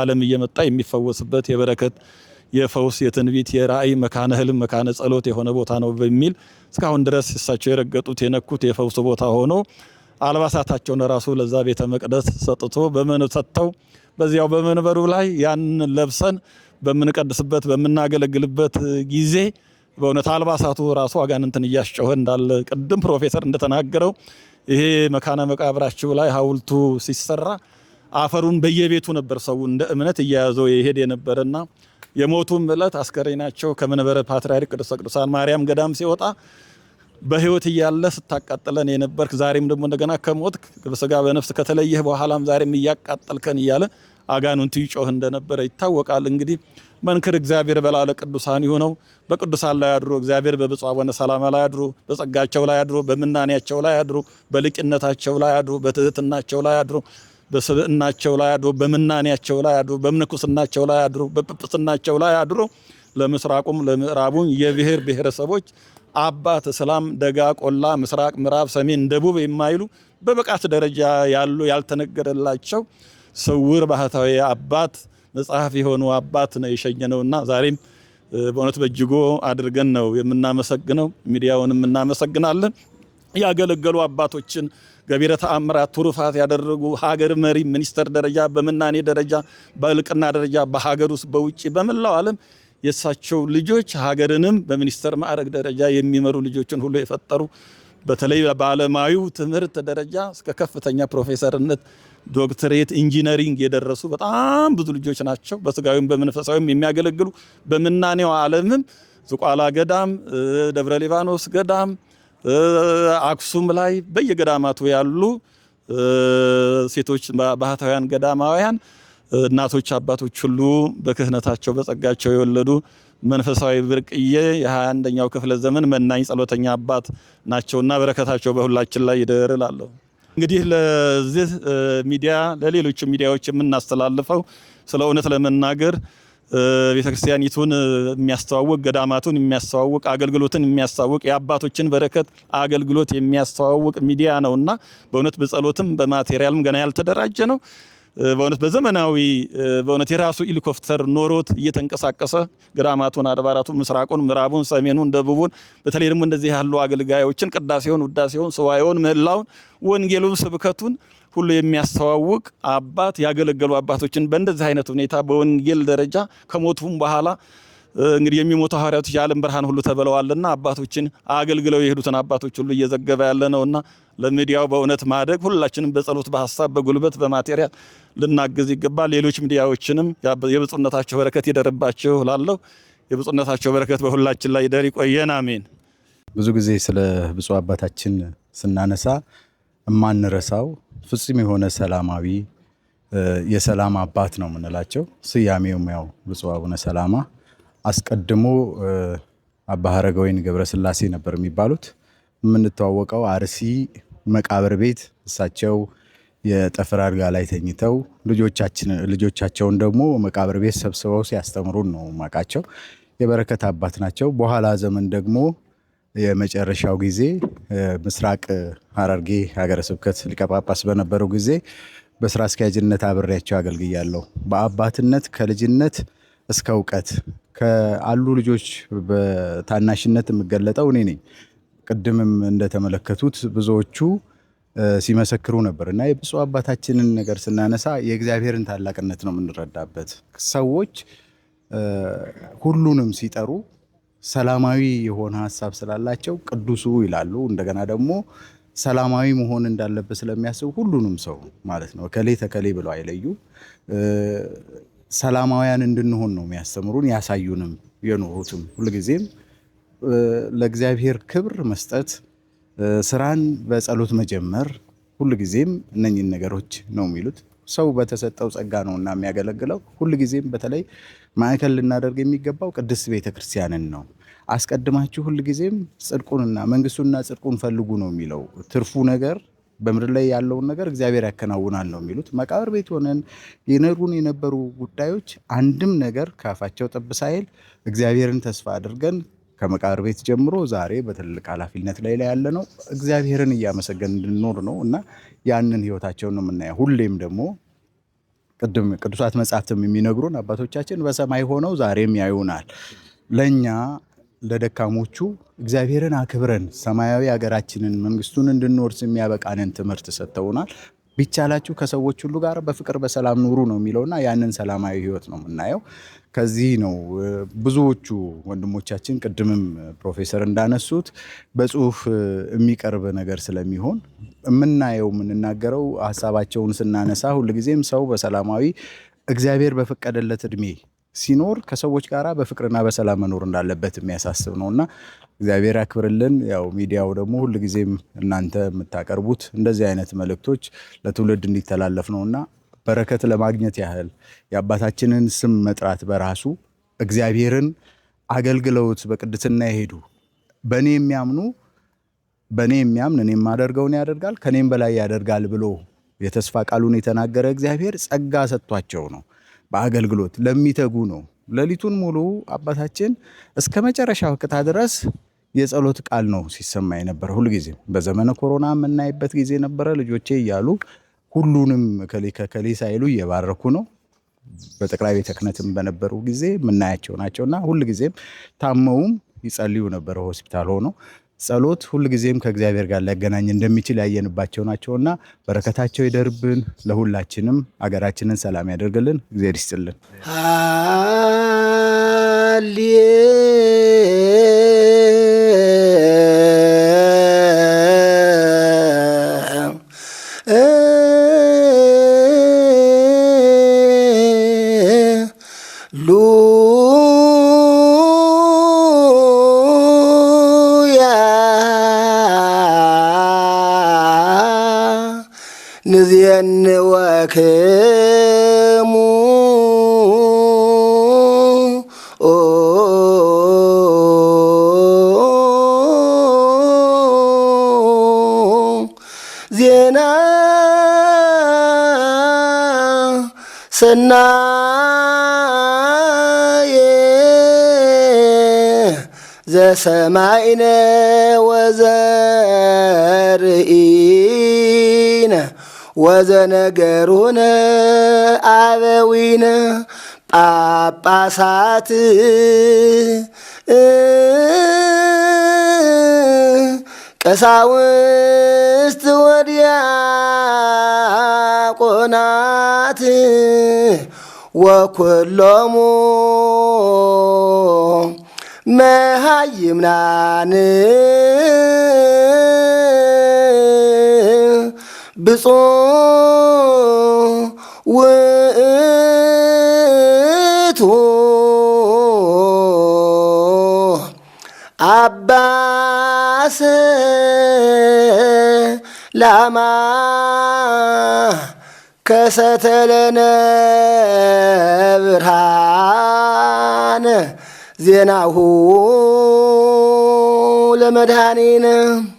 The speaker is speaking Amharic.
ዓለም እየመጣ የሚፈወስበት የበረከት የፈውስ የትንቢት የራእይ መካነ ህልም መካነ ጸሎት የሆነ ቦታ ነው በሚል እስካሁን ድረስ እሳቸው የረገጡት የነኩት የፈውስ ቦታ ሆኖ አልባሳታቸውን ራሱ ለዛ ቤተ መቅደስ ሰጥቶ በመንብ ሰጥተው በዚያው በመንበሩ ላይ ያን ለብሰን በምንቀድስበት በምናገለግልበት ጊዜ በእውነት አልባሳቱ ራሱ አጋንንትን እያስጨወ እንዳለ ቅድም ፕሮፌሰር እንደተናገረው ይሄ መካነ መቃብራችሁ ላይ ሐውልቱ ሲሰራ አፈሩን በየቤቱ ነበር ሰው እንደ እምነት እየያዘው የሄድ የነበረና የሞቱም ዕለት አስከሬናቸው ከመንበረ ፓትርያርክ ቅዱስ ቅዱሳን ማርያም ገዳም ሲወጣ በህይወት እያለ ስታቃጥለን የነበርክ ዛሬም ደግሞ እንደገና ከሞት በስጋ በነፍስ ከተለየህ በኋላም ዛሬም እያቃጠልከን እያለ አጋንንቱ ይጮህ እንደነበረ ይታወቃል። እንግዲህ መንክር እግዚአብሔር በላለ ቅዱሳን ይሁነው። በቅዱሳን ላይ አድሮ እግዚአብሔር በብፁዕ አቡነ ሰላማ ላይ አድሮ በጸጋቸው ላይ አድሮ በምናኔያቸው ላይ አድሮ በልቂነታቸው ላይ አድሮ በትህትናቸው ላይ አድሮ በስብዕናቸው ላይ አድሮ በምናኔያቸው ላይ አድሮ በምንኩስናቸው ላይ አድሮ በጵጵስናቸው ላይ አድሮ ለምስራቁም ለምዕራቡም የብሔር ብሔረሰቦች አባት ሰላም፣ ደጋ፣ ቆላ፣ ምስራቅ፣ ምዕራብ፣ ሰሜን፣ ደቡብ የማይሉ በብቃት ደረጃ ያሉ ያልተነገረላቸው ስውር ባህታዊ አባት መጽሐፍ የሆኑ አባት ነው የሸኘነውና ዛሬም በእውነት በእጅጉ አድርገን ነው የምናመሰግነው። ሚዲያውንም እናመሰግናለን። ያገለገሉ አባቶችን ገቢረ ተአምራት ትሩፋት ያደረጉ ሀገር መሪ ሚኒስተር ደረጃ በምናኔ ደረጃ በእልቅና ደረጃ በሀገር ውስጥ በውጭ በመላው ዓለም የእሳቸው ልጆች ሀገርንም በሚኒስተር ማዕረግ ደረጃ የሚመሩ ልጆችን ሁሉ የፈጠሩ በተለይ በዓለማዊው ትምህርት ደረጃ እስከ ከፍተኛ ፕሮፌሰርነት፣ ዶክትሬት፣ ኢንጂነሪንግ የደረሱ በጣም ብዙ ልጆች ናቸው። በስጋዊም በመንፈሳዊም የሚያገለግሉ በምናኔው ዓለምም ዝቋላ ገዳም፣ ደብረ ሊባኖስ ገዳም አክሱም ላይ በየገዳማቱ ያሉ ሴቶች ባህታውያን፣ ገዳማውያን እናቶች፣ አባቶች ሁሉ በክህነታቸው በጸጋቸው የወለዱ መንፈሳዊ ብርቅዬ የ21ኛው ክፍለ ዘመን መናኝ ጸሎተኛ አባት ናቸውና በረከታቸው በሁላችን ላይ ይደር እላለሁ። እንግዲህ ለዚህ ሚዲያ ለሌሎች ሚዲያዎች የምናስተላልፈው ስለ እውነት ለመናገር ቤተክርስቲያኒቱን የሚያስተዋውቅ ገዳማቱን የሚያስተዋውቅ አገልግሎትን የሚያስተዋውቅ የአባቶችን በረከት አገልግሎት የሚያስተዋውቅ ሚዲያ ነው እና በእውነት በጸሎትም በማቴሪያልም ገና ያልተደራጀ ነው። በእውነት በዘመናዊ በእውነት የራሱ ሄሊኮፕተር ኖሮት እየተንቀሳቀሰ ግራማቱን፣ አድባራቱን፣ ምስራቁን፣ ምዕራቡን፣ ሰሜኑን፣ ደቡቡን በተለይ ደግሞ እንደዚህ ያሉ አገልጋዮችን ቅዳሴውን፣ ውዳሴውን፣ ስዋየውን፣ መላውን ወንጌሉን፣ ስብከቱን ሁሉ የሚያስተዋውቅ አባት ያገለገሉ አባቶችን በእንደዚህ አይነት ሁኔታ በወንጌል ደረጃ ከሞቱም በኋላ እንግዲህ የሚሞተው ሐዋርያት የዓለም ብርሃን ሁሉ ተብለዋልና አባቶችን አገልግለው የሄዱትን አባቶች ሁሉ እየዘገበ ያለ ነውና ለሚዲያው በእውነት ማደግ ሁላችንም በጸሎት በሀሳብ በጉልበት በማቴሪያል ልናግዝ ይገባል። ሌሎች ሚዲያዎችንም የብፁዕነታቸው በረከት ይደርባቸው ላለሁ የብፁዕነታቸው በረከት በሁላችን ላይ ይደር ይቆየን፣ አሜን። ብዙ ጊዜ ስለ ብፁዕ አባታችን ስናነሳ እማንረሳው ፍጹም የሆነ ሰላማዊ የሰላም አባት ነው የምንላቸው ስያሜውም ያው ብፁዕ አቡነ ሰላማ አስቀድሞ አባ ወይን ገብረስላሴ ነበር የሚባሉት። የምንተዋወቀው አርሲ መቃብር ቤት እሳቸው የጠፈር አልጋ ላይ ተኝተው ልጆቻቸውን ደግሞ መቃብር ቤት ሰብስበው ሲያስተምሩን ነው ማቃቸው። የበረከት አባት ናቸው። በኋላ ዘመን ደግሞ የመጨረሻው ጊዜ ምስራቅ ሐረርጌ ሀገረ ስብከት ሊቀ ጳጳስ በነበረው ጊዜ በስራ አስኪያጅነት አብሬያቸው አገልግያለሁ። በአባትነት ከልጅነት እስከ እውቀት ከአሉ ልጆች በታናሽነት የምገለጠው እኔ ነኝ። ቅድምም እንደተመለከቱት ብዙዎቹ ሲመሰክሩ ነበር እና የብፁዕ አባታችንን ነገር ስናነሳ የእግዚአብሔርን ታላቅነት ነው የምንረዳበት። ሰዎች ሁሉንም ሲጠሩ ሰላማዊ የሆነ ሀሳብ ስላላቸው ቅዱሱ ይላሉ። እንደገና ደግሞ ሰላማዊ መሆን እንዳለበት ስለሚያስቡ ሁሉንም ሰው ማለት ነው ከሌ ተከሌ ብለው አይለዩ ሰላማውያን እንድንሆን ነው የሚያስተምሩን ያሳዩንም የኖሩትም ሁልጊዜም ለእግዚአብሔር ክብር መስጠት፣ ስራን በጸሎት መጀመር ሁልጊዜም እነኝን ነገሮች ነው የሚሉት። ሰው በተሰጠው ጸጋ ነው እና የሚያገለግለው ሁልጊዜም በተለይ ማዕከል ልናደርግ የሚገባው ቅድስት ቤተክርስቲያንን ነው። አስቀድማችሁ ሁልጊዜም ጽድቁንና መንግስቱንና ጽድቁን ፈልጉ ነው የሚለው ትርፉ ነገር በምድር ላይ ያለውን ነገር እግዚአብሔር ያከናውናል ነው የሚሉት። መቃብር ቤት ሆነን የነሩን የነበሩ ጉዳዮች አንድም ነገር ካፋቸው ጠብ ሳይል እግዚአብሔርን ተስፋ አድርገን ከመቃብር ቤት ጀምሮ ዛሬ በትልቅ ኃላፊነት ላይ ላይ ያለ ነው እግዚአብሔርን እያመሰገን እንድንኖር ነው እና ያንን ህይወታቸውን ነው የምናየው። ሁሌም ደግሞ ቅድም ቅዱሳት መጻሕፍትም የሚነግሩን አባቶቻችን በሰማይ ሆነው ዛሬም ያዩናል ለእኛ ለደካሞቹ እግዚአብሔርን አክብረን ሰማያዊ ሀገራችንን መንግስቱን እንድንወርስ የሚያበቃንን ትምህርት ሰጥተውናል። ቢቻላችሁ ከሰዎች ሁሉ ጋር በፍቅር በሰላም ኑሩ ነው የሚለውና ያንን ሰላማዊ ህይወት ነው የምናየው። ከዚህ ነው ብዙዎቹ ወንድሞቻችን ቅድምም ፕሮፌሰር እንዳነሱት በጽሁፍ የሚቀርብ ነገር ስለሚሆን የምናየው የምንናገረው ሀሳባቸውን ስናነሳ ሁልጊዜም ሰው በሰላማዊ እግዚአብሔር በፈቀደለት እድሜ ሲኖር ከሰዎች ጋር በፍቅርና በሰላም መኖር እንዳለበት የሚያሳስብ ነው እና እግዚአብሔር ያክብርልን። ያው ሚዲያው ደግሞ ሁልጊዜም እናንተ የምታቀርቡት እንደዚህ አይነት መልእክቶች ለትውልድ እንዲተላለፍ ነው እና በረከት ለማግኘት ያህል የአባታችንን ስም መጥራት በራሱ እግዚአብሔርን አገልግለውት በቅድስና የሄዱ በእኔ የሚያምኑ በእኔ የሚያምን እኔ የማደርገውን ያደርጋል ከእኔም በላይ ያደርጋል ብሎ የተስፋ ቃሉን የተናገረ እግዚአብሔር ጸጋ ሰጥቷቸው ነው በአገልግሎት ለሚተጉ ነው። ሌሊቱን ሙሉ አባታችን እስከ መጨረሻ ወቅታ ድረስ የጸሎት ቃል ነው ሲሰማ የነበረ ሁልጊዜ። በዘመነ ኮሮና የምናይበት ጊዜ ነበረ። ልጆቼ እያሉ ሁሉንም ከሌ ከከሌ ሳይሉ እየባረኩ ነው። በጠቅላይ ቤተ ክህነትም በነበሩ ጊዜ የምናያቸው ናቸውና ሁልጊዜም ታመውም ይጸልዩ ነበረ ሆስፒታል ሆነው ጸሎት ሁልጊዜም ከእግዚአብሔር ጋር ሊያገናኝ እንደሚችል ያየንባቸው ናቸውና በረከታቸው ይደርብን። ለሁላችንም አገራችንን ሰላም ያደርግልን። እግዚአብሔር ይስጥልን። ይቤዝየንወክሙ ዜና ሰናየ ዘሰማይነ ወዘርኢነ ወዘነገሩነ አበዊነ ጳጳሳት ቀሳውስት ወዲያቆናት ወኩሎሙ መሃይምናን بصو وقتو عباس لما كست لنا برهان زينه لمدانينا